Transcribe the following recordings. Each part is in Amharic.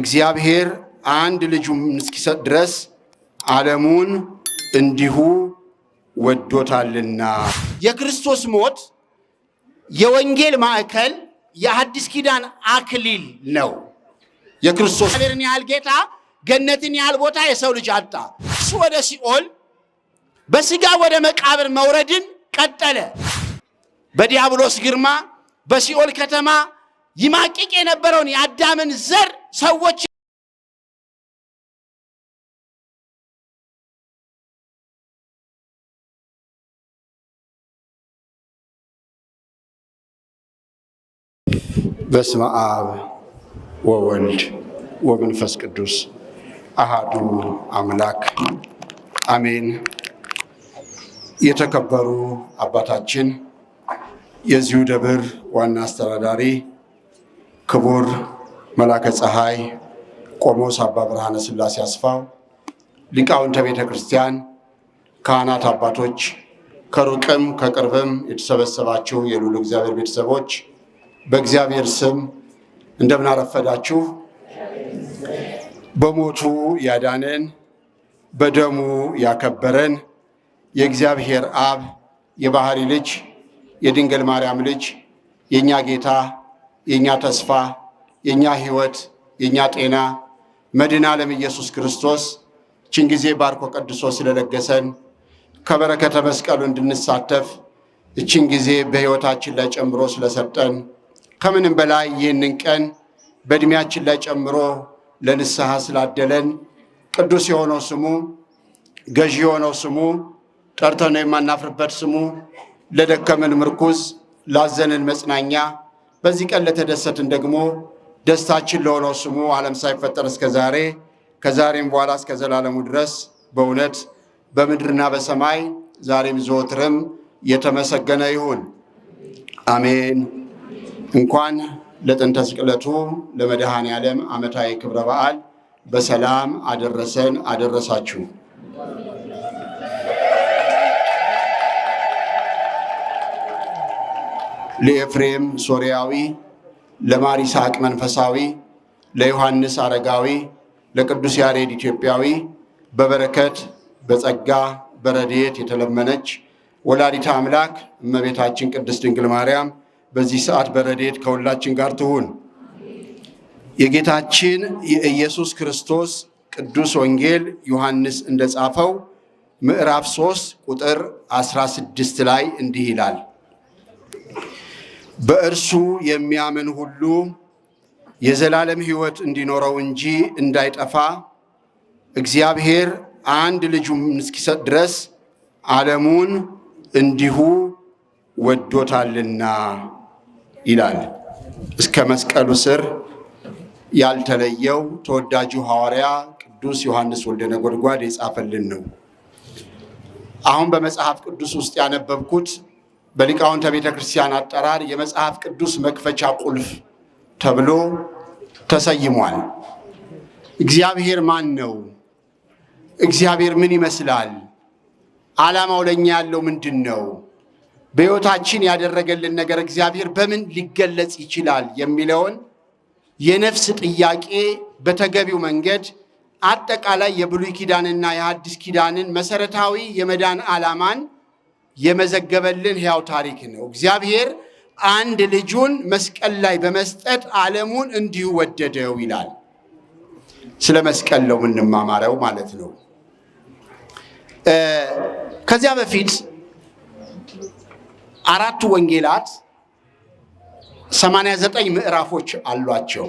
እግዚአብሔር አንድ ልጁን እስኪሰጥ ድረስ ዓለሙን እንዲሁ ወዶታልና የክርስቶስ ሞት የወንጌል ማዕከል የአዲስ ኪዳን አክሊል ነው። የክርስቶስ እግዚአብሔርን ያህል ጌታ ገነትን ያህል ቦታ የሰው ልጅ አጣ። እሱ ወደ ሲኦል በስጋ ወደ መቃብር መውረድን ቀጠለ። በዲያብሎስ ግርማ በሲኦል ከተማ ይማቅቅ የነበረውን የአዳምን ዘር ሰዎች በስመ አብ ወወልድ ወመንፈስ ቅዱስ አሃዱ አምላክ አሜን። የተከበሩ አባታችን የዚሁ ደብር ዋና አስተዳዳሪ ክቡር መላከ ፀሐይ ቆሞስ አባ ብርሃነ ሥላሴ አስፋው፣ ሊቃውንተ ቤተ ክርስቲያን፣ ካህናት አባቶች፣ ከሩቅም ከቅርብም የተሰበሰባችሁ የሉሉ እግዚአብሔር ቤተሰቦች በእግዚአብሔር ስም እንደምናረፈዳችሁ በሞቱ ያዳነን በደሙ ያከበረን የእግዚአብሔር አብ የባህሪ ልጅ የድንግል ማርያም ልጅ የእኛ ጌታ የእኛ ተስፋ፣ የእኛ ህይወት፣ የእኛ ጤና መድን ዓለም ኢየሱስ ክርስቶስ ችን ጊዜ ባርኮ ቀድሶ ስለለገሰን ከበረከተ መስቀሉ እንድንሳተፍ እችን ጊዜ በሕይወታችን ላይ ጨምሮ ስለሰጠን ከምንም በላይ ይህንን ቀን በዕድሜያችን ላይ ጨምሮ ለንስሐ ስላደለን ቅዱስ የሆነው ስሙ ገዢ የሆነው ስሙ ጠርተነው የማናፍርበት ስሙ ለደከምን ምርኩዝ ላዘንን መጽናኛ በዚህ ቀን ለተደሰትን ደግሞ ደስታችን ለሆነው ስሙ ዓለም ሳይፈጠር እስከ ዛሬ ከዛሬም በኋላ እስከ ዘላለሙ ድረስ በእውነት በምድርና በሰማይ ዛሬም ዘወትርም የተመሰገነ ይሁን አሜን። እንኳን ለጥንተ ስቅለቱ ለመድኃኔ ዓለም ዓመታዊ ክብረ በዓል በሰላም አደረሰን አደረሳችሁ። ለኤፍሬም ሶርያዊ፣ ለማር ይስሐቅ መንፈሳዊ፣ ለዮሐንስ አረጋዊ፣ ለቅዱስ ያሬድ ኢትዮጵያዊ በበረከት በጸጋ በረድኤት የተለመነች ወላዲተ አምላክ እመቤታችን ቅድስት ድንግል ማርያም በዚህ ሰዓት በረድኤት ከሁላችን ጋር ትሁን። የጌታችን የኢየሱስ ክርስቶስ ቅዱስ ወንጌል ዮሐንስ እንደጻፈው ምዕራፍ 3 ቁጥር 16 ላይ እንዲህ ይላል በእርሱ የሚያምን ሁሉ የዘላለም ሕይወት እንዲኖረው እንጂ እንዳይጠፋ እግዚአብሔር አንድ ልጁ እስኪሰጥ ድረስ ዓለሙን እንዲሁ ወዶታልና ይላል። እስከ መስቀሉ ስር ያልተለየው ተወዳጁ ሐዋርያ ቅዱስ ዮሐንስ ወልደ ነጎድጓድ የጻፈልን ነው። አሁን በመጽሐፍ ቅዱስ ውስጥ ያነበብኩት በሊቃውንተ ቤተ ክርስቲያን አጠራር የመጽሐፍ ቅዱስ መክፈቻ ቁልፍ ተብሎ ተሰይሟል። እግዚአብሔር ማን ነው? እግዚአብሔር ምን ይመስላል? ዓላማው ለእኛ ያለው ምንድን ነው? በሕይወታችን ያደረገልን ነገር እግዚአብሔር በምን ሊገለጽ ይችላል የሚለውን የነፍስ ጥያቄ በተገቢው መንገድ አጠቃላይ የብሉይ ኪዳንና የሐዲስ ኪዳንን መሰረታዊ የመዳን ዓላማን የመዘገበልን ሕያው ታሪክ ነው። እግዚአብሔር አንድ ልጁን መስቀል ላይ በመስጠት ዓለሙን እንዲሁ ወደደው ይላል። ስለ መስቀል ነው የምንማማረው ማለት ነው። ከዚያ በፊት አራቱ ወንጌላት 89 ምዕራፎች አሏቸው።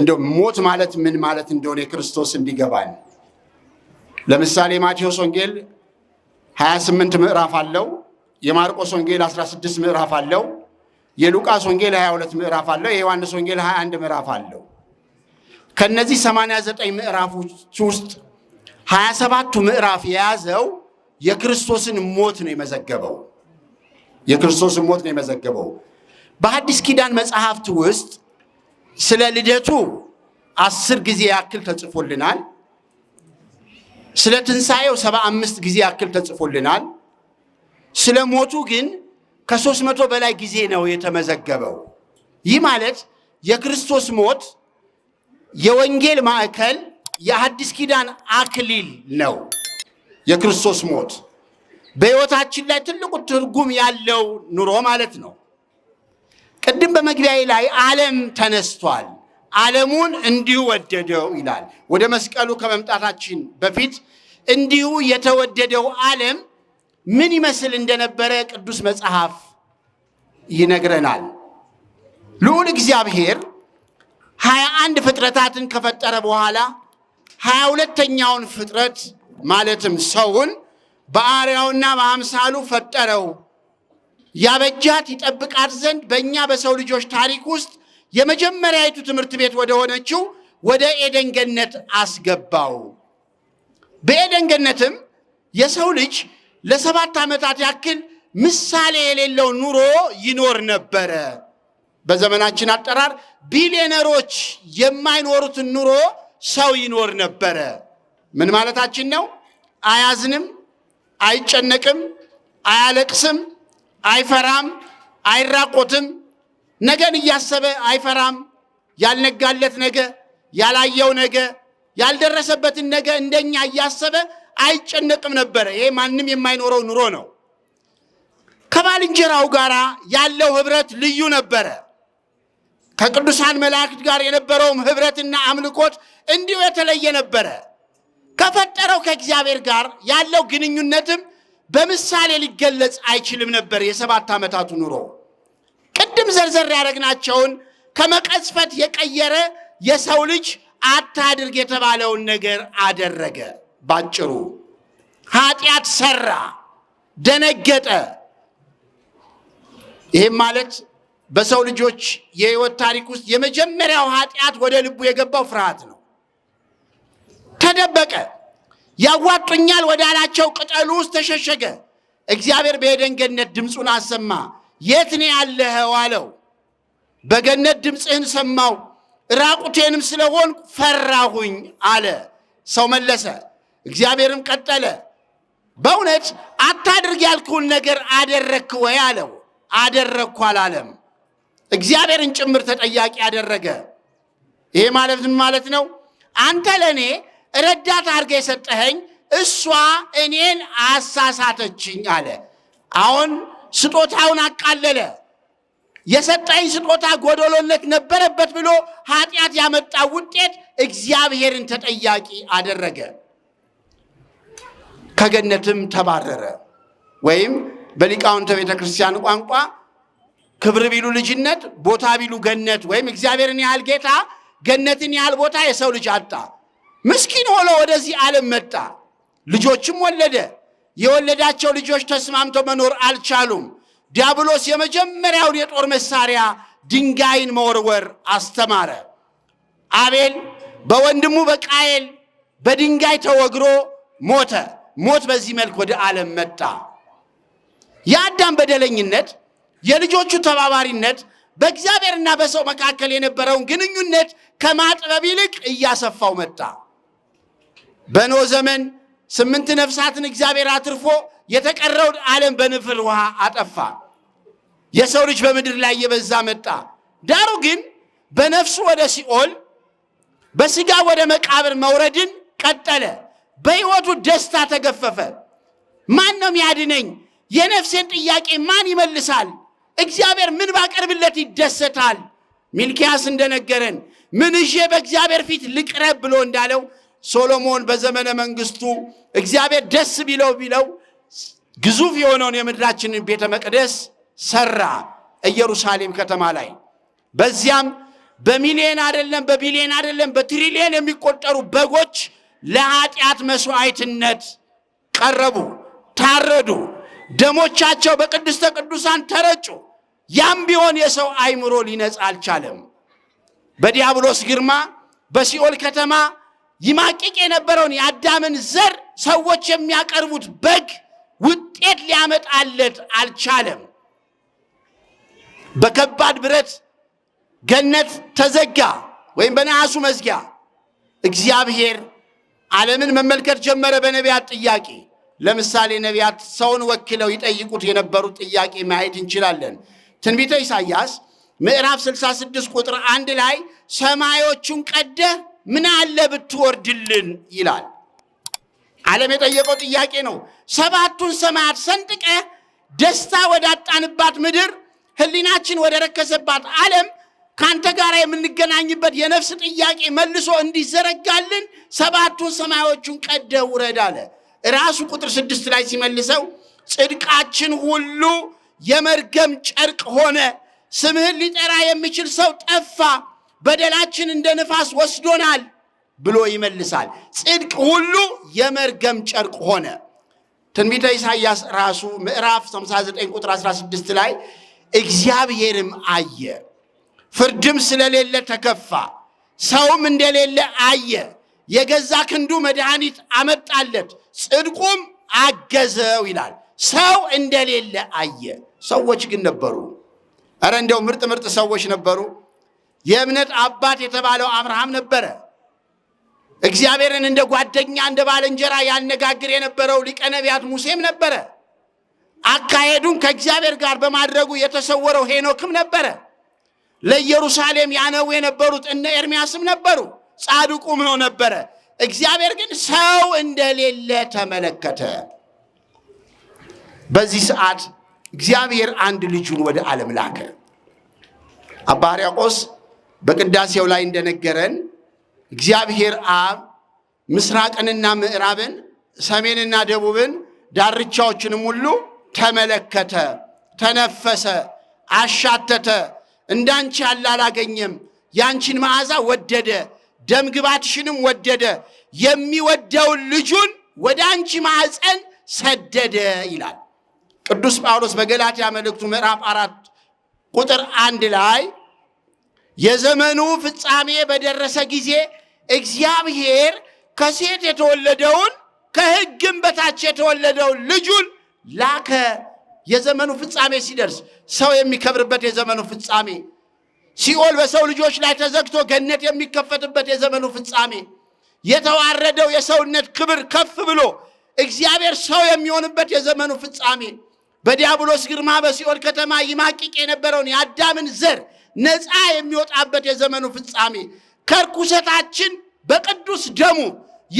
እንደ ሞት ማለት ምን ማለት እንደሆነ የክርስቶስ እንዲገባን ለምሳሌ ማቴዎስ ወንጌል 28 ምዕራፍ አለው። የማርቆስ ወንጌል 16 ምዕራፍ አለው። የሉቃስ ወንጌል 22 ምዕራፍ አለው። የዮሐንስ ወንጌል 21 ምዕራፍ አለው። ከነዚህ 89 ምዕራፎች ውስጥ 27ቱ ምዕራፍ የያዘው የክርስቶስን ሞት ነው የመዘገበው የክርስቶስን ሞት ነው የመዘገበው። በሐዲስ ኪዳን መጽሐፍት ውስጥ ስለ ልደቱ አስር ጊዜ ያክል ተጽፎልናል። ስለ ትንሣኤው ሰባ አምስት ጊዜ ያክል ተጽፎልናል። ስለ ሞቱ ግን ከሦስት መቶ በላይ ጊዜ ነው የተመዘገበው። ይህ ማለት የክርስቶስ ሞት የወንጌል ማዕከል የአዲስ ኪዳን አክሊል ነው። የክርስቶስ ሞት በሕይወታችን ላይ ትልቁ ትርጉም ያለው ኑሮ ማለት ነው። ቅድም በመግቢያዬ ላይ ዓለም ተነስቷል ዓለሙን እንዲሁ ወደደው ይላል። ወደ መስቀሉ ከመምጣታችን በፊት እንዲሁ የተወደደው ዓለም ምን ይመስል እንደነበረ ቅዱስ መጽሐፍ ይነግረናል። ልዑል እግዚአብሔር ሀያ አንድ ፍጥረታትን ከፈጠረ በኋላ ሀያ ሁለተኛውን ፍጥረት ማለትም ሰውን በአርያውና በአምሳሉ ፈጠረው ያበጃት ይጠብቃት ዘንድ በእኛ በሰው ልጆች ታሪክ ውስጥ የመጀመሪያይቱ ትምህርት ቤት ወደ ሆነችው ወደ ኤደን ገነት አስገባው። በኤደን ገነትም የሰው ልጅ ለሰባት ዓመታት ያክል ምሳሌ የሌለው ኑሮ ይኖር ነበረ። በዘመናችን አጠራር ቢሊዮነሮች የማይኖሩትን ኑሮ ሰው ይኖር ነበረ። ምን ማለታችን ነው? አያዝንም፣ አይጨነቅም፣ አያለቅስም፣ አይፈራም፣ አይራቆትም ነገን እያሰበ አይፈራም። ያልነጋለት ነገ፣ ያላየው ነገ፣ ያልደረሰበትን ነገ እንደኛ እያሰበ አይጨነቅም ነበረ። ይሄ ማንም የማይኖረው ኑሮ ነው። ከባልንጀራው ጋር ያለው ህብረት ልዩ ነበረ። ከቅዱሳን መላእክት ጋር የነበረውም ህብረትና አምልኮት እንዲሁ የተለየ ነበረ። ከፈጠረው ከእግዚአብሔር ጋር ያለው ግንኙነትም በምሳሌ ሊገለጽ አይችልም ነበር የሰባት ዓመታቱ ኑሮ ቅድም ዘርዘር ያደረግናቸውን ከመቀዝፈት የቀየረ የሰው ልጅ አታድርግ የተባለውን ነገር አደረገ። ባጭሩ ኃጢአት ሰራ፣ ደነገጠ። ይህም ማለት በሰው ልጆች የህይወት ታሪክ ውስጥ የመጀመሪያው ኃጢአት ወደ ልቡ የገባው ፍርሃት ነው። ተደበቀ። ያዋጡኛል ወዳላቸው ቅጠሉ ውስጥ ተሸሸገ። እግዚአብሔር በኤደን ገነት ድምፁን አሰማ። የት ነው ያለኸው አለው። በገነት ድምፅህን ሰማው ራቁቴንም ስለሆን ፈራሁኝ አለ። ሰው መለሰ። እግዚአብሔርም ቀጠለ፣ በእውነት አታድርግ ያልኩህን ነገር አደረግክ ወይ አለው። አደረግኩ አላለም። እግዚአብሔርን ጭምር ተጠያቂ አደረገ። ይሄ ማለት ምን ማለት ነው? አንተ ለእኔ ረዳት አድርገ የሰጠኸኝ እሷ እኔን አሳሳተችኝ አለ። አሁን ስጦታውን አቃለለ። የሰጠኝ ስጦታ ጎደሎነት ነበረበት ብሎ ኃጢአት ያመጣ ውጤት እግዚአብሔርን ተጠያቂ አደረገ። ከገነትም ተባረረ። ወይም በሊቃውንተ ቤተ ክርስቲያን ቋንቋ ክብር ቢሉ ልጅነት፣ ቦታ ቢሉ ገነት፣ ወይም እግዚአብሔርን ያህል ጌታ ገነትን ያህል ቦታ የሰው ልጅ አጣ። ምስኪን ሆኖ ወደዚህ ዓለም መጣ። ልጆችም ወለደ። የወለዳቸው ልጆች ተስማምተው መኖር አልቻሉም። ዲያብሎስ የመጀመሪያውን የጦር መሳሪያ ድንጋይን መወርወር አስተማረ። አቤል በወንድሙ በቃየል በድንጋይ ተወግሮ ሞተ። ሞት በዚህ መልክ ወደ ዓለም መጣ። የአዳም በደለኝነት፣ የልጆቹ ተባባሪነት በእግዚአብሔርና በሰው መካከል የነበረውን ግንኙነት ከማጥበብ ይልቅ እያሰፋው መጣ። በኖ ዘመን ስምንት ነፍሳትን እግዚአብሔር አትርፎ የተቀረውን ዓለም በንፍር ውሃ አጠፋ። የሰው ልጅ በምድር ላይ እየበዛ መጣ። ዳሩ ግን በነፍሱ ወደ ሲኦል በስጋ ወደ መቃብር መውረድን ቀጠለ። በሕይወቱ ደስታ ተገፈፈ። ማን ነው ያድነኝ? የነፍሴን ጥያቄ ማን ይመልሳል? እግዚአብሔር ምን ባቀርብለት ይደሰታል? ሚልኪያስ እንደነገረን ምን ይዤ በእግዚአብሔር ፊት ልቅረብ ብሎ እንዳለው ሶሎሞን በዘመነ መንግስቱ እግዚአብሔር ደስ ቢለው ቢለው ግዙፍ የሆነውን የምድራችንን ቤተ መቅደስ ሰራ ኢየሩሳሌም ከተማ ላይ። በዚያም በሚሊዮን አይደለም በቢሊዮን አይደለም በትሪሊዮን የሚቆጠሩ በጎች ለኃጢአት መስዋዕትነት ቀረቡ፣ ታረዱ፣ ደሞቻቸው በቅድስተ ቅዱሳን ተረጩ። ያም ቢሆን የሰው አእምሮ ሊነጻ አልቻለም። በዲያብሎስ ግርማ በሲኦል ከተማ ይማቅቅ የነበረውን የአዳምን ዘር ሰዎች የሚያቀርቡት በግ ውጤት ሊያመጣለት አልቻለም። በከባድ ብረት ገነት ተዘጋ ወይም በነሐሱ መዝጊያ እግዚአብሔር ዓለምን መመልከት ጀመረ። በነቢያት ጥያቄ ለምሳሌ ነቢያት ሰውን ወክለው ይጠይቁት የነበሩት ጥያቄ ማየት እንችላለን። ትንቢተ ኢሳይያስ ምዕራፍ 66 ቁጥር አንድ ላይ ሰማዮቹን ቀደ ምን አለ ብትወርድልን ይላል። ዓለም የጠየቀው ጥያቄ ነው። ሰባቱን ሰማያት ሰንጥቀ ደስታ ወዳጣንባት ምድር፣ ህሊናችን ወደ ረከሰባት ዓለም ከአንተ ጋር የምንገናኝበት የነፍስ ጥያቄ መልሶ እንዲዘረጋልን ሰባቱን ሰማዮቹን ቀደ ውረድ አለ። ራሱ ቁጥር ስድስት ላይ ሲመልሰው ጽድቃችን ሁሉ የመርገም ጨርቅ ሆነ፣ ስምህን ሊጠራ የሚችል ሰው ጠፋ፣ በደላችን እንደ ነፋስ ወስዶናል። ብሎ ይመልሳል። ጽድቅ ሁሉ የመርገም ጨርቅ ሆነ። ትንቢተ ኢሳይያስ ራሱ ምዕራፍ 59 ቁጥር 16 ላይ እግዚአብሔርም አየ፣ ፍርድም ስለሌለ ተከፋ፣ ሰውም እንደሌለ አየ። የገዛ ክንዱ መድኃኒት አመጣለት፣ ጽድቁም አገዘው ይላል። ሰው እንደሌለ አየ። ሰዎች ግን ነበሩ። እረ እንደው ምርጥ ምርጥ ሰዎች ነበሩ። የእምነት አባት የተባለው አብርሃም ነበረ። እግዚአብሔርን እንደ ጓደኛ እንደ ባልንጀራ ያነጋግር የነበረው ሊቀ ነቢያት ሙሴም ነበረ። አካሄዱን ከእግዚአብሔር ጋር በማድረጉ የተሰወረው ሄኖክም ነበረ። ለኢየሩሳሌም ያነቡ የነበሩት እነ ኤርሚያስም ነበሩ። ጻድቁም ነው ነበረ። እግዚአብሔር ግን ሰው እንደሌለ ተመለከተ። በዚህ ሰዓት እግዚአብሔር አንድ ልጁን ወደ ዓለም ላከ። አባ ሕርያቆስ በቅዳሴው ላይ እንደነገረን እግዚአብሔር አብ ምስራቅንና ምዕራብን ሰሜንና ደቡብን ዳርቻዎችንም ሁሉ ተመለከተ፣ ተነፈሰ፣ አሻተተ። እንዳንቺ ያለ አላገኘም። ያንቺን መዓዛ ወደደ፣ ደምግባትሽንም ወደደ። የሚወደውን ልጁን ወደ አንቺ ማዕፀን ሰደደ ይላል ቅዱስ ጳውሎስ በገላትያ መልእክቱ ምዕራፍ አራት ቁጥር አንድ ላይ የዘመኑ ፍጻሜ በደረሰ ጊዜ እግዚአብሔር ከሴት የተወለደውን ከሕግም በታች የተወለደውን ልጁን ላከ። የዘመኑ ፍጻሜ ሲደርስ ሰው የሚከብርበት የዘመኑ ፍጻሜ፣ ሲኦል በሰው ልጆች ላይ ተዘግቶ ገነት የሚከፈትበት የዘመኑ ፍጻሜ፣ የተዋረደው የሰውነት ክብር ከፍ ብሎ እግዚአብሔር ሰው የሚሆንበት የዘመኑ ፍጻሜ፣ በዲያብሎስ ግርማ በሲኦል ከተማ ይማቅቅ የነበረውን የአዳምን ዘር ነፃ የሚወጣበት የዘመኑ ፍጻሜ ከርኩሰታችን በቅዱስ ደሙ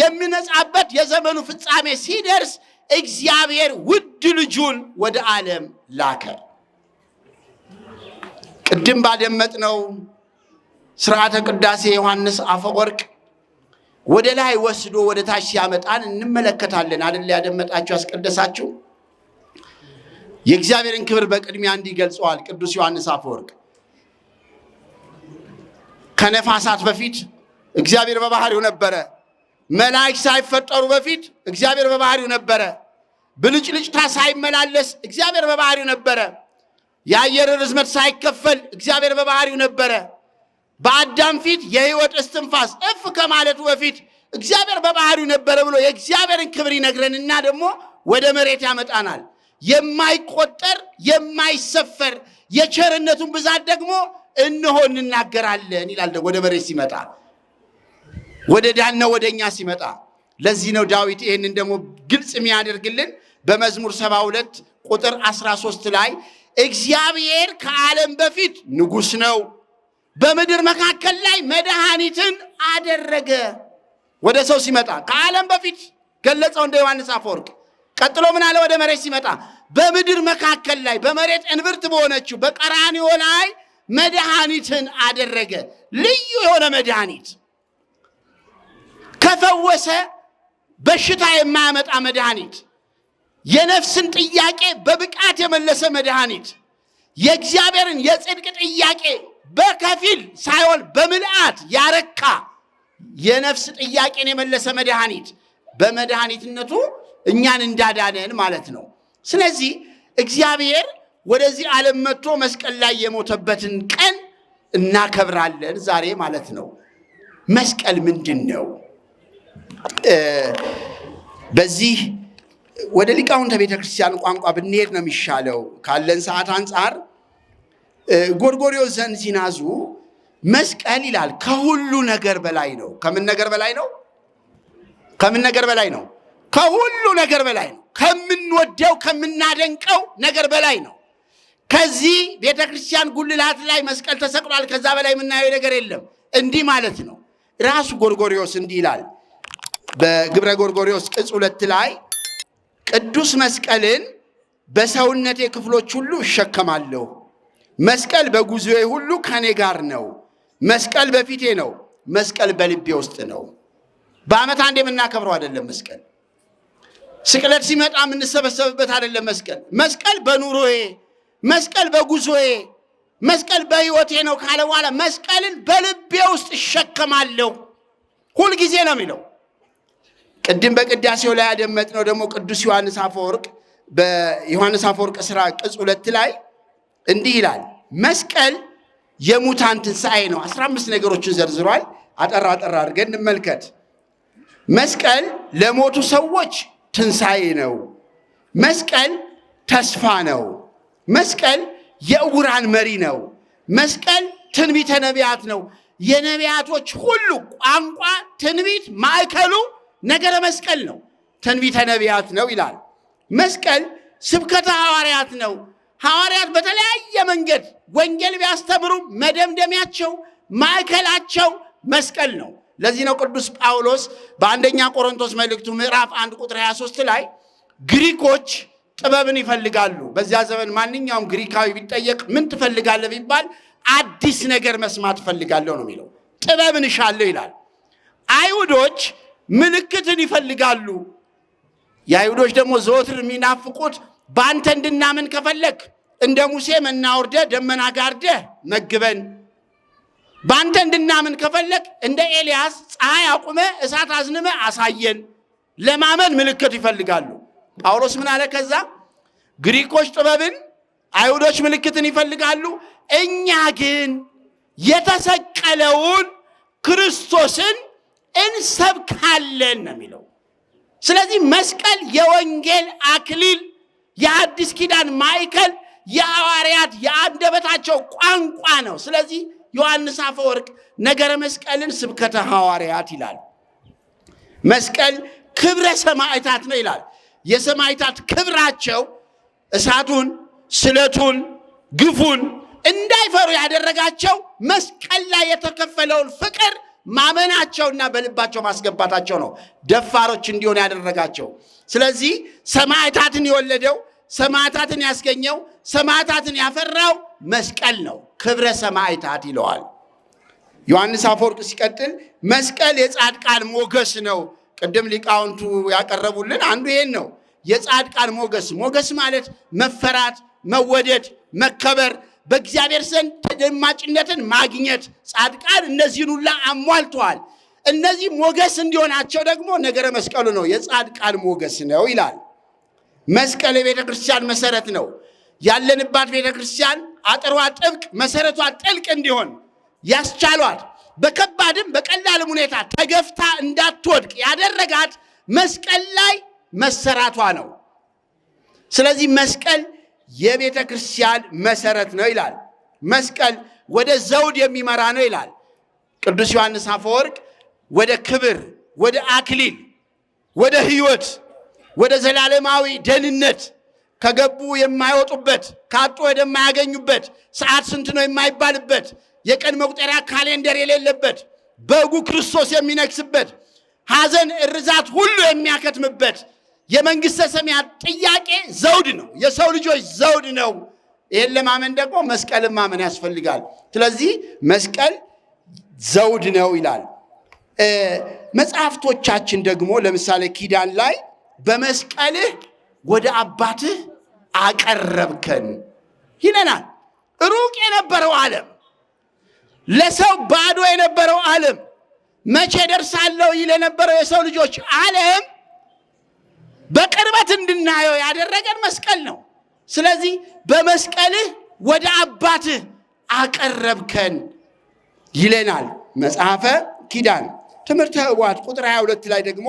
የሚነጻበት የዘመኑ ፍጻሜ ሲደርስ እግዚአብሔር ውድ ልጁን ወደ ዓለም ላከ። ቅድም ባደመጥነው ስርዓተ ቅዳሴ ዮሐንስ አፈወርቅ ወደ ላይ ወስዶ ወደ ታች ሲያመጣን እንመለከታለን። አደለ ያደመጣችሁ ያስቀደሳችሁ የእግዚአብሔርን ክብር በቅድሚያ እንዲገልጸዋል ቅዱስ ዮሐንስ አፈወርቅ ከነፋሳት በፊት እግዚአብሔር በባህሪው ነበረ። መላእክት ሳይፈጠሩ በፊት እግዚአብሔር በባህሪው ነበረ። ብልጭልጭታ ሳይመላለስ እግዚአብሔር በባህሪው ነበረ። የአየር ርዝመት ሳይከፈል እግዚአብሔር በባህሪው ነበረ። በአዳም ፊት የህይወት እስትንፋስ እፍ ከማለቱ በፊት እግዚአብሔር በባህሪው ነበረ ብሎ የእግዚአብሔርን ክብር ይነግረንና ደግሞ ወደ መሬት ያመጣናል። የማይቆጠር የማይሰፈር የቸርነቱን ብዛት ደግሞ እነሆ እንናገራለን ይላል። ወደ በሬ ሲመጣ ወደ ዳና ወደ እኛ ሲመጣ ለዚህ ነው ዳዊት ይህንን ደግሞ ግልጽ የሚያደርግልን በመዝሙር 72 ቁጥር 13 ላይ እግዚአብሔር ከዓለም በፊት ንጉሥ ነው፣ በምድር መካከል ላይ መድኃኒትን አደረገ። ወደ ሰው ሲመጣ ከዓለም በፊት ገለጸው እንደ ዮሐንስ አፈወርቅ። ቀጥሎ ምን አለ? ወደ መሬት ሲመጣ በምድር መካከል ላይ በመሬት እንብርት በሆነችው በቀራኒዮ ላይ መድኃኒትን አደረገ። ልዩ የሆነ መድኃኒት ከፈወሰ በሽታ የማያመጣ መድኃኒት፣ የነፍስን ጥያቄ በብቃት የመለሰ መድኃኒት፣ የእግዚአብሔርን የጽድቅ ጥያቄ በከፊል ሳይሆን በምልአት ያረካ የነፍስ ጥያቄን የመለሰ መድኃኒት በመድኃኒትነቱ እኛን እንዳዳነን ማለት ነው። ስለዚህ እግዚአብሔር ወደዚህ ዓለም መጥቶ መስቀል ላይ የሞተበትን ቀን እናከብራለን ዛሬ ማለት ነው። መስቀል ምንድን ነው? በዚህ ወደ ሊቃውንተ ቤተ ክርስቲያን ቋንቋ ብንሄድ ነው የሚሻለው ካለን ሰዓት አንጻር። ዘን ሲናዙ መስቀል ይላል ከሁሉ ነገር በላይ ነው። ከምን ነገር በላይ ነው? ከምን ነገር በላይ ነው? ከሁሉ ነገር በላይ ነው። ከምንወደው ከምናደንቀው ነገር በላይ ነው። ከዚህ ቤተ ክርስቲያን ጉልላት ላይ መስቀል ተሰቅሏል። ከዛ በላይ የምናየው ነገር የለም። እንዲህ ማለት ነው። ራሱ ጎርጎሪዎስ እንዲህ ይላል በግብረ ጎርጎሪዎስ ቅጽ ሁለት ላይ ቅዱስ መስቀልን በሰውነቴ ክፍሎች ሁሉ እሸከማለሁ። መስቀል በጉዞዬ ሁሉ ከኔ ጋር ነው። መስቀል በፊቴ ነው። መስቀል በልቤ ውስጥ ነው። በዓመት አንድ የምናከብረው አይደለም መስቀል። ስቅለት ሲመጣ የምንሰበሰብበት አይደለም መስቀል። መስቀል በኑሮዬ መስቀል በጉዞዬ መስቀል በሕይወቴ ነው ካለ በኋላ መስቀልን በልቤ ውስጥ እሸከማለሁ ሁልጊዜ ነው የሚለው። ቅድም በቅዳሴው ላይ ያደመጥነው ደግሞ ቅዱስ ዮሐንስ አፈወርቅ በዮሐንስ አፈወርቅ ስራ ቅጽ ሁለት ላይ እንዲህ ይላል መስቀል የሙታን ትንሣኤ ነው። አስራ አምስት ነገሮችን ዘርዝሯል። አጠራ አጠራ አድርገን እንመልከት። መስቀል ለሞቱ ሰዎች ትንሣኤ ነው። መስቀል ተስፋ ነው። መስቀል የእውራን መሪ ነው። መስቀል ትንቢተ ነቢያት ነው። የነቢያቶች ሁሉ ቋንቋ ትንቢት ማዕከሉ ነገረ መስቀል ነው። ትንቢተ ነቢያት ነው ይላል። መስቀል ስብከተ ሐዋርያት ነው። ሐዋርያት በተለያየ መንገድ ወንጌል ቢያስተምሩ መደምደሚያቸው ማዕከላቸው መስቀል ነው። ለዚህ ነው ቅዱስ ጳውሎስ በአንደኛ ቆሮንቶስ መልእክቱ ምዕራፍ አንድ ቁጥር 23 ላይ ግሪኮች ጥበብን ይፈልጋሉ። በዚያ ዘመን ማንኛውም ግሪካዊ ቢጠየቅ ምን ትፈልጋለህ ቢባል አዲስ ነገር መስማት እፈልጋለሁ ነው የሚለው። ጥበብን እሻለሁ ይላል። አይሁዶች ምልክትን ይፈልጋሉ። የአይሁዶች ደግሞ ዘወትር የሚናፍቁት በአንተ እንድናምን ከፈለግ እንደ ሙሴ መና አውርደህ ደመና ጋርደህ መግበን፣ በአንተ እንድናምን ከፈለግ እንደ ኤልያስ ፀሐይ አቁመ እሳት አዝንመ አሳየን። ለማመን ምልክት ይፈልጋሉ። ጳውሎስ ምን አለ? ከዛ ግሪኮች ጥበብን፣ አይሁዶች ምልክትን ይፈልጋሉ፣ እኛ ግን የተሰቀለውን ክርስቶስን እንሰብካለን ነው የሚለው። ስለዚህ መስቀል የወንጌል አክሊል፣ የአዲስ ኪዳን ማዕከል፣ የሐዋርያት የአንደበታቸው ቋንቋ ነው። ስለዚህ ዮሐንስ አፈወርቅ ነገረ መስቀልን ስብከተ ሐዋርያት ይላል። መስቀል ክብረ ሰማዕታት ነው ይላል። የሰማይታት ክብራቸው እሳቱን፣ ስለቱን፣ ግፉን እንዳይፈሩ ያደረጋቸው መስቀል ላይ የተከፈለውን ፍቅር ማመናቸውና በልባቸው ማስገባታቸው ነው ደፋሮች እንዲሆን ያደረጋቸው። ስለዚህ ሰማዕታትን የወለደው ሰማዕታትን ያስገኘው ሰማዕታትን ያፈራው መስቀል ነው። ክብረ ሰማዕታት ይለዋል። ዮሐንስ አፈወርቅ ሲቀጥል መስቀል የጻድቃን ሞገስ ነው። ቅድም ሊቃውንቱ ያቀረቡልን አንዱ ይሄን ነው። የጻድቃን ሞገስ ሞገስ ማለት መፈራት፣ መወደድ፣ መከበር በእግዚአብሔር ዘንድ ተደማጭነትን ማግኘት። ጻድቃን እነዚህን ሁላ አሟልተዋል። እነዚህ ሞገስ እንዲሆናቸው ደግሞ ነገረ መስቀሉ ነው። የጻድቃን ሞገስ ነው ይላል። መስቀል የቤተ ክርስቲያን መሰረት ነው። ያለንባት ቤተ ክርስቲያን አጥሯ ጥብቅ፣ መሰረቷ ጥልቅ እንዲሆን ያስቻሏት በከባድም በቀላልም ሁኔታ ተገፍታ እንዳትወድቅ ያደረጋት መስቀል ላይ መሰራቷ ነው። ስለዚህ መስቀል የቤተ ክርስቲያን መሰረት ነው ይላል። መስቀል ወደ ዘውድ የሚመራ ነው ይላል ቅዱስ ዮሐንስ አፈወርቅ። ወደ ክብር፣ ወደ አክሊል፣ ወደ ህይወት ወደ ዘላለማዊ ደህንነት ከገቡ የማይወጡበት ካጡ ወደማያገኙበት ሰዓት ስንት ነው የማይባልበት የቀን መቁጠሪያ ካሌንደር የሌለበት በጉ ክርስቶስ የሚነግስበት ሐዘን፣ እርዛት ሁሉ የሚያከትምበት የመንግስተ ሰማያት ጥያቄ ዘውድ ነው፣ የሰው ልጆች ዘውድ ነው። ይህን ለማመን ደግሞ መስቀልን ማመን ያስፈልጋል። ስለዚህ መስቀል ዘውድ ነው ይላል። መጽሐፍቶቻችን ደግሞ ለምሳሌ ኪዳን ላይ በመስቀልህ ወደ አባትህ አቀረብከን ይለናል። ሩቅ የነበረው ዓለም ለሰው ባዶ የነበረው ዓለም መቼ ደርሳለሁ ይለነበረው የሰው ልጆች ዓለም በቅርበት እንድናየው ያደረገን መስቀል ነው። ስለዚህ በመስቀልህ ወደ አባትህ አቀረብከን ይለናል መጽሐፈ ኪዳን። ትምህርተ ኅቡዓት ቁጥር 22 ላይ ደግሞ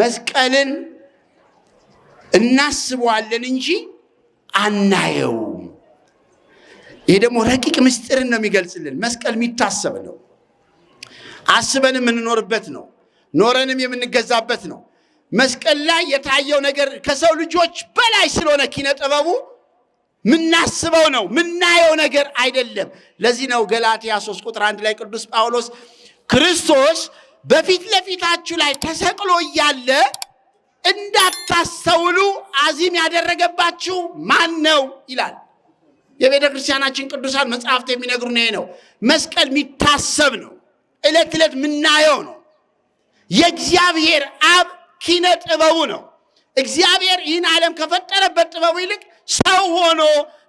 መስቀልን እናስበዋለን እንጂ አናየው። ይሄ ደግሞ ረቂቅ ምስጢርን ነው የሚገልጽልን። መስቀል የሚታሰብ ነው፣ አስበን የምንኖርበት ነው፣ ኖረንም የምንገዛበት ነው መስቀል ላይ የታየው ነገር ከሰው ልጆች በላይ ስለሆነ ኪነ ጥበቡ ምናስበው ነው ምናየው ነገር አይደለም። ለዚህ ነው ገላትያ 3 ቁጥር አንድ ላይ ቅዱስ ጳውሎስ ክርስቶስ በፊት ለፊታችሁ ላይ ተሰቅሎ እያለ እንዳታስተውሉ አዚም ያደረገባችሁ ማን ነው ይላል። የቤተ ክርስቲያናችን ቅዱሳን መጽሐፍት የሚነግሩን ይሄ ነው። መስቀል የሚታሰብ ነው፣ ዕለት ዕለት ምናየው ነው። የእግዚአብሔር አብ ኪነ ጥበቡ ነው። እግዚአብሔር ይህን ዓለም ከፈጠረበት ጥበቡ ይልቅ ሰው ሆኖ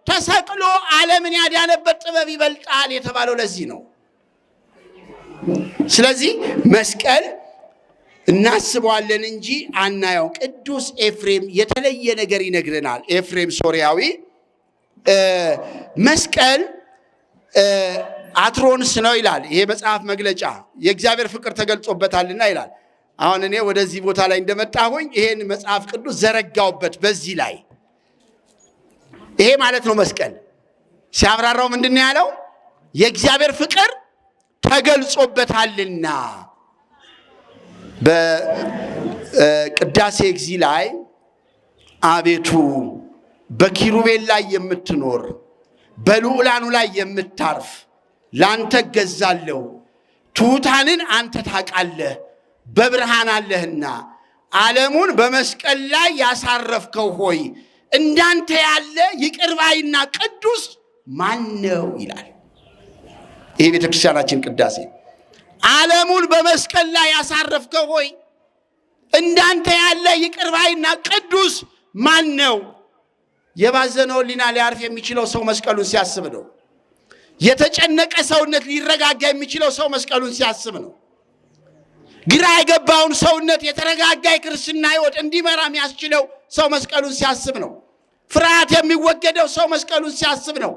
ተሰቅሎ ዓለምን ያዳነበት ጥበብ ይበልጣል የተባለው ለዚህ ነው። ስለዚህ መስቀል እናስበዋለን እንጂ አናየው። ቅዱስ ኤፍሬም የተለየ ነገር ይነግረናል። ኤፍሬም ሶሪያዊ መስቀል አትሮንስ ነው ይላል። ይሄ መጽሐፍ መግለጫ የእግዚአብሔር ፍቅር ተገልጾበታልና ይላል። አሁን እኔ ወደዚህ ቦታ ላይ እንደመጣሁኝ ይሄን መጽሐፍ ቅዱስ ዘረጋውበት በዚህ ላይ ይሄ ማለት ነው። መስቀል ሲያብራራው ምንድን ነው ያለው? የእግዚአብሔር ፍቅር ተገልጾበታልና። በቅዳሴ እግዚእ ላይ አቤቱ በኪሩቤል ላይ የምትኖር በልዑላኑ ላይ የምታርፍ ላንተ እገዛለሁ፣ ትሑታንን አንተ ታውቃለህ በብርሃን አለህና ዓለሙን በመስቀል ላይ ያሳረፍከው ሆይ እንዳንተ ያለ ይቅርባይና ቅዱስ ማን ነው ይላል። ይህ ቤተክርስቲያናችን ቅዳሴ ዓለሙን በመስቀል ላይ ያሳረፍከው ሆይ እንዳንተ ያለ ይቅርባይና ቅዱስ ማን ነው? የባዘነው ሊና ሊያርፍ የሚችለው ሰው መስቀሉን ሲያስብ ነው። የተጨነቀ ሰውነት ሊረጋጋ የሚችለው ሰው መስቀሉን ሲያስብ ነው። ግራ የገባውን ሰውነት የተረጋጋ የክርስትና ህይወት እንዲመራ የሚያስችለው ሰው መስቀሉን ሲያስብ ነው። ፍርሃት የሚወገደው ሰው መስቀሉን ሲያስብ ነው።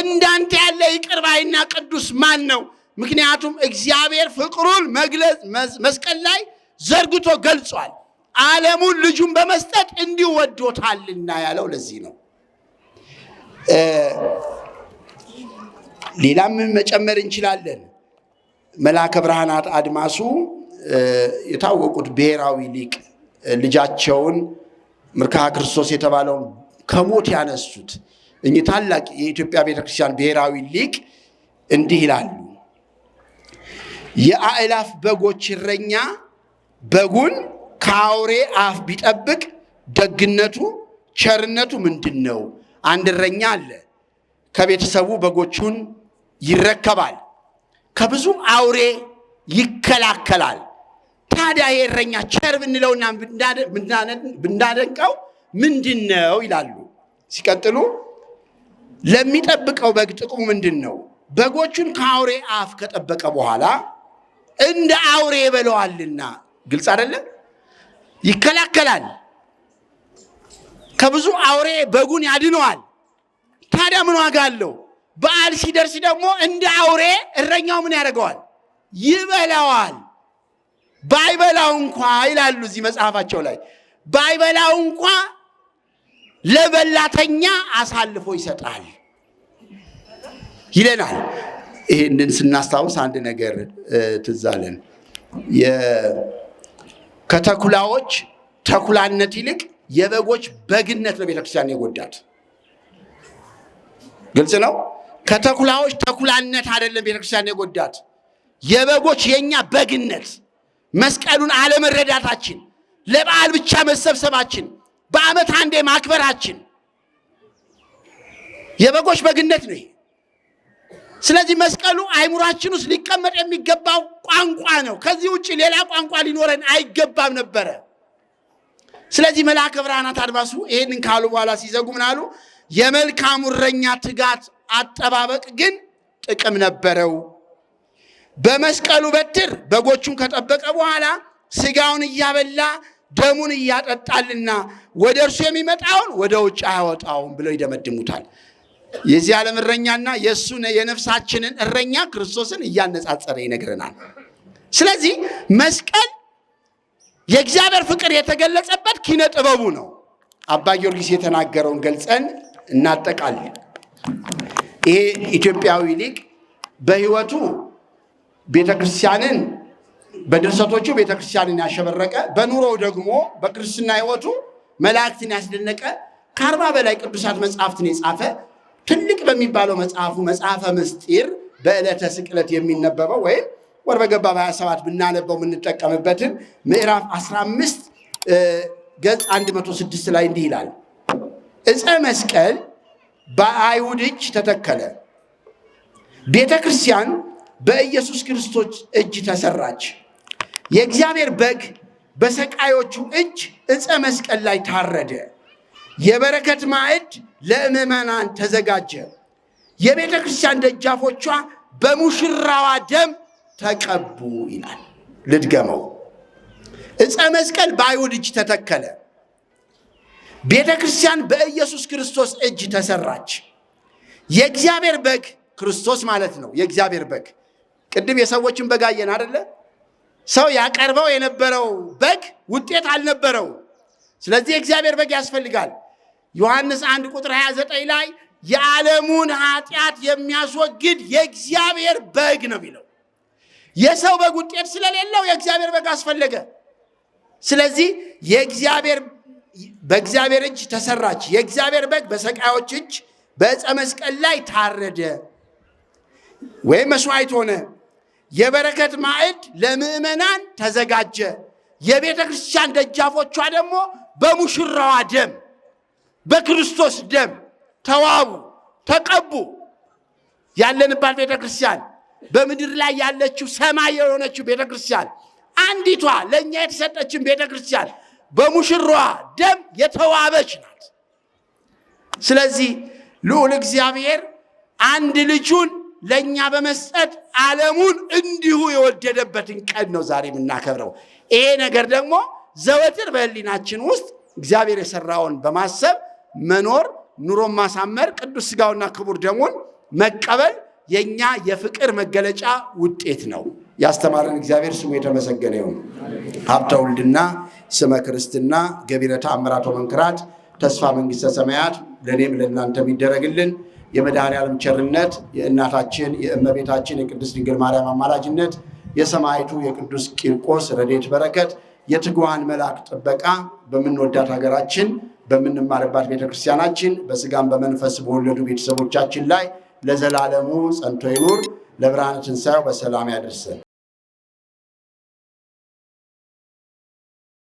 እንዳንተ ያለ ይቅር ባይና ቅዱስ ማን ነው? ምክንያቱም እግዚአብሔር ፍቅሩን መግለጽ መስቀል ላይ ዘርግቶ ገልጿል። ዓለሙን ልጁን በመስጠት እንዲወዶታልና ወዶታልና ያለው ለዚህ ነው። ሌላም መጨመር እንችላለን። መልአከ ብርሃናት አድማሱ የታወቁት ብሔራዊ ሊቅ ልጃቸውን ምርካሃ ክርስቶስ የተባለውን ከሞት ያነሱት እኚህ ታላቅ የኢትዮጵያ ቤተክርስቲያን ብሔራዊ ሊቅ እንዲህ ይላሉ። የአእላፍ በጎች እረኛ በጉን ከአውሬ አፍ ቢጠብቅ ደግነቱ ቸርነቱ ምንድን ነው? አንድ እረኛ አለ። ከቤተሰቡ በጎቹን ይረከባል፣ ከብዙ አውሬ ይከላከላል። ታዲያ የእረኛ ቸር ብንለውና ብናደንቀው ምንድን ነው ይላሉ። ሲቀጥሉ ለሚጠብቀው በግ ጥቅሙ ምንድን ነው? በጎቹን ከአውሬ አፍ ከጠበቀ በኋላ እንደ አውሬ ይበለዋልና። ግልጽ አይደለም? ይከላከላል፣ ከብዙ አውሬ በጉን ያድነዋል። ታዲያ ምን ዋጋ አለው? በዓል ሲደርስ ደግሞ እንደ አውሬ እረኛው ምን ያደርገዋል? ይበላዋል። ባይበላው እንኳ ይላሉ እዚህ መጽሐፋቸው ላይ ባይበላው እንኳ ለበላተኛ አሳልፎ ይሰጣል ይለናል። ይህንን ስናስታውስ አንድ ነገር ትዝ አለን። ከተኩላዎች ተኩላነት ይልቅ የበጎች በግነት ነው ቤተክርስቲያን የጎዳት። ግልጽ ነው። ከተኩላዎች ተኩላነት አይደለም ቤተክርስቲያን የጎዳት፣ የበጎች የእኛ በግነት መስቀሉን አለመረዳታችን፣ ለበዓል ብቻ መሰብሰባችን፣ በዓመት አንዴ ማክበራችን የበጎች በግነት ነው። ስለዚህ መስቀሉ አይምሯችን ውስጥ ሊቀመጥ የሚገባው ቋንቋ ነው። ከዚህ ውጭ ሌላ ቋንቋ ሊኖረን አይገባም ነበረ። ስለዚህ መልአከ ብርሃናት አድባሱ ይህንን ካሉ በኋላ ሲዘጉ ምን አሉ? የመልካሙ እረኛ ትጋት አጠባበቅ ግን ጥቅም ነበረው። በመስቀሉ በትር በጎቹን ከጠበቀ በኋላ ስጋውን እያበላ ደሙን እያጠጣልና ወደ እርሱ የሚመጣውን ወደ ውጭ አያወጣውም ብለው ይደመድሙታል። የዚህ ዓለም እረኛና የእሱ የነፍሳችንን እረኛ ክርስቶስን እያነጻጸረ ይነግረናል። ስለዚህ መስቀል የእግዚአብሔር ፍቅር የተገለጸበት ኪነ ጥበቡ ነው። አባ ጊዮርጊስ የተናገረውን ገልጸን እናጠቃለን። ይሄ ኢትዮጵያዊ ሊቅ በሕይወቱ ቤተክርስቲያንን በድርሰቶቹ ቤተክርስቲያንን ያሸበረቀ በኑሮው ደግሞ በክርስትና ህይወቱ መላእክትን ያስደነቀ ከአርባ በላይ ቅዱሳት መጽሐፍትን የጻፈ ትልቅ በሚባለው መጽሐፉ መጽሐፈ ምስጢር በዕለተ ስቅለት የሚነበበው ወይም ወር በገባ በ27 ብናነበው የምንጠቀምበትን ምዕራፍ 15 ገጽ 106 ላይ እንዲህ ይላል። እፀ መስቀል በአይሁድ እጅ ተተከለ። ቤተ ክርስቲያን በኢየሱስ ክርስቶስ እጅ ተሰራች። የእግዚአብሔር በግ በሰቃዮቹ እጅ ዕፀ መስቀል ላይ ታረደ። የበረከት ማዕድ ለምዕመናን ተዘጋጀ። የቤተ ክርስቲያን ደጃፎቿ በሙሽራዋ ደም ተቀቡ ይላል። ልድገመው። ዕፀ መስቀል በአይሁድ እጅ ተተከለ። ቤተ ክርስቲያን በኢየሱስ ክርስቶስ እጅ ተሰራች። የእግዚአብሔር በግ ክርስቶስ ማለት ነው። የእግዚአብሔር በግ ቅድም የሰዎችን በግ አየን አደለ? ሰው ያቀርበው የነበረው በግ ውጤት አልነበረው። ስለዚህ እግዚአብሔር በግ ያስፈልጋል። ዮሐንስ 1 ቁጥር 29 ላይ የዓለሙን ኃጢአት የሚያስወግድ የእግዚአብሔር በግ ነው የሚለው። የሰው በግ ውጤት ስለሌለው የእግዚአብሔር በግ አስፈለገ። ስለዚህ የእግዚአብሔር በእግዚአብሔር እጅ ተሰራች። የእግዚአብሔር በግ በሰቃዮች እጅ በዕፀ መስቀል ላይ ታረደ ወይም መስዋዕት ሆነ። የበረከት ማዕድ ለምዕመናን ተዘጋጀ። የቤተ ክርስቲያን ደጃፎቿ ደግሞ በሙሽራዋ ደም በክርስቶስ ደም ተዋቡ፣ ተቀቡ። ያለንባት ቤተ ክርስቲያን በምድር ላይ ያለችው ሰማይ የሆነችው ቤተ ክርስቲያን አንዲቷ ለእኛ የተሰጠችን ቤተ ክርስቲያን በሙሽራዋ ደም የተዋበች ናት። ስለዚህ ልዑል እግዚአብሔር አንድ ልጁን ለእኛ በመስጠት ዓለሙን እንዲሁ የወደደበትን ቀን ነው ዛሬ የምናከብረው። ይሄ ነገር ደግሞ ዘወትር በህሊናችን ውስጥ እግዚአብሔር የሰራውን በማሰብ መኖር፣ ኑሮን ማሳመር፣ ቅዱስ ስጋውና ክቡር ደሙን መቀበል የእኛ የፍቅር መገለጫ ውጤት ነው። ያስተማረን እግዚአብሔር ስሙ የተመሰገነ ይሁን። ሀብተ ውልድና ስመ ክርስትና ገቢረ ተአምራት መንክራት ተስፋ መንግስተ ሰማያት ለእኔም ለእናንተ የሚደረግልን የመድኃኔዓለም ቸርነት የእናታችን የእመቤታችን የቅድስት ድንግል ማርያም አማላጅነት የሰማዕቱ የቅዱስ ቂርቆስ ረድኤት በረከት የትጉሃን መልአክ ጥበቃ በምንወዳት ሀገራችን በምንማርባት ቤተክርስቲያናችን በስጋም በመንፈስ በወለዱ ቤተሰቦቻችን ላይ ለዘላለሙ ጸንቶ ይኑር። ለብርሃነ ትንሣኤው በሰላም ያደርሰን።